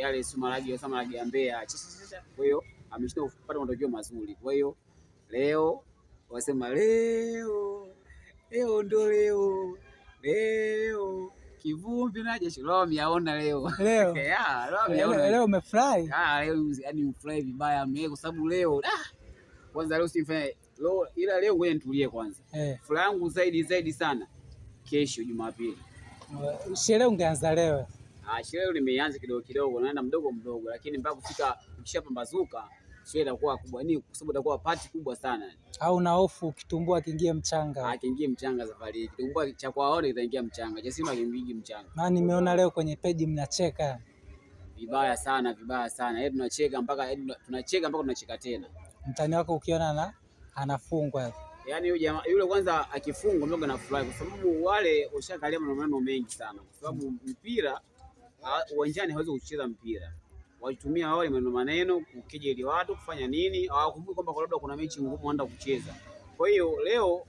yale sio maragi sio maragi ya Mbeya. Kwa hiyo ameshinda kupata matokeo mazuri. Kwa hiyo leo wasema leo leo ndo leo leo Kivumbi na jeshi leo miaona leo leo leo umefurahi? Ah, leo yani umefurahi vibaya mimi kwa sababu leo ah, kwanza leo mfanye leo, ila leo ngoja nitulie kwanza hey. Eh. Furaha yangu zaidi zaidi sana kesho Jumapili, sherehe ungeanza leo Ah, shule limeanza kidogo kidogo, naenda mdogo mdogo, lakini mpaka kufika ukishapambazuka shule itakuwa kubwa, ni yaani kwa sababu itakuwa pati kubwa sana. Au na hofu kitumbua kiingie mchanga? Ah, kiingie mchanga safari hii. Kitumbua cha kwaone kitaingia mchanga, cha Simba kiingie mchanga. Na nimeona leo kwenye peji mnacheka vibaya sana, vibaya sana. Yaani tunacheka mpaka yaani tunacheka mpaka tunacheka tena. Mtani wako ukiona na anafungwa yaani yule kwanza akifungwa mdogo anafurahi, kwa sababu wale ushakalia maneno mengi sana, kwa sababu mpira uwanjani hawezi kucheza mpira, walitumia wale maneno maneno kukejeli watu kufanya nini, hawakumbuki kwamba labda kuna mechi ngumu wanaenda kucheza. Kwa hiyo leo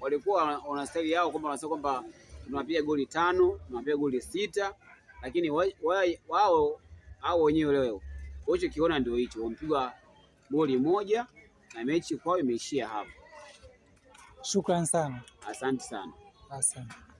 walikuwa wana staili yao kwamba wanasema kwamba tunapiga goli tano, tunapiga goli sita, lakini wao hao wenyewe leo kiona ndio hicho, wampiga goli moja na mechi kwao imeishia hapo. Shukrani sana, asante sana, asante.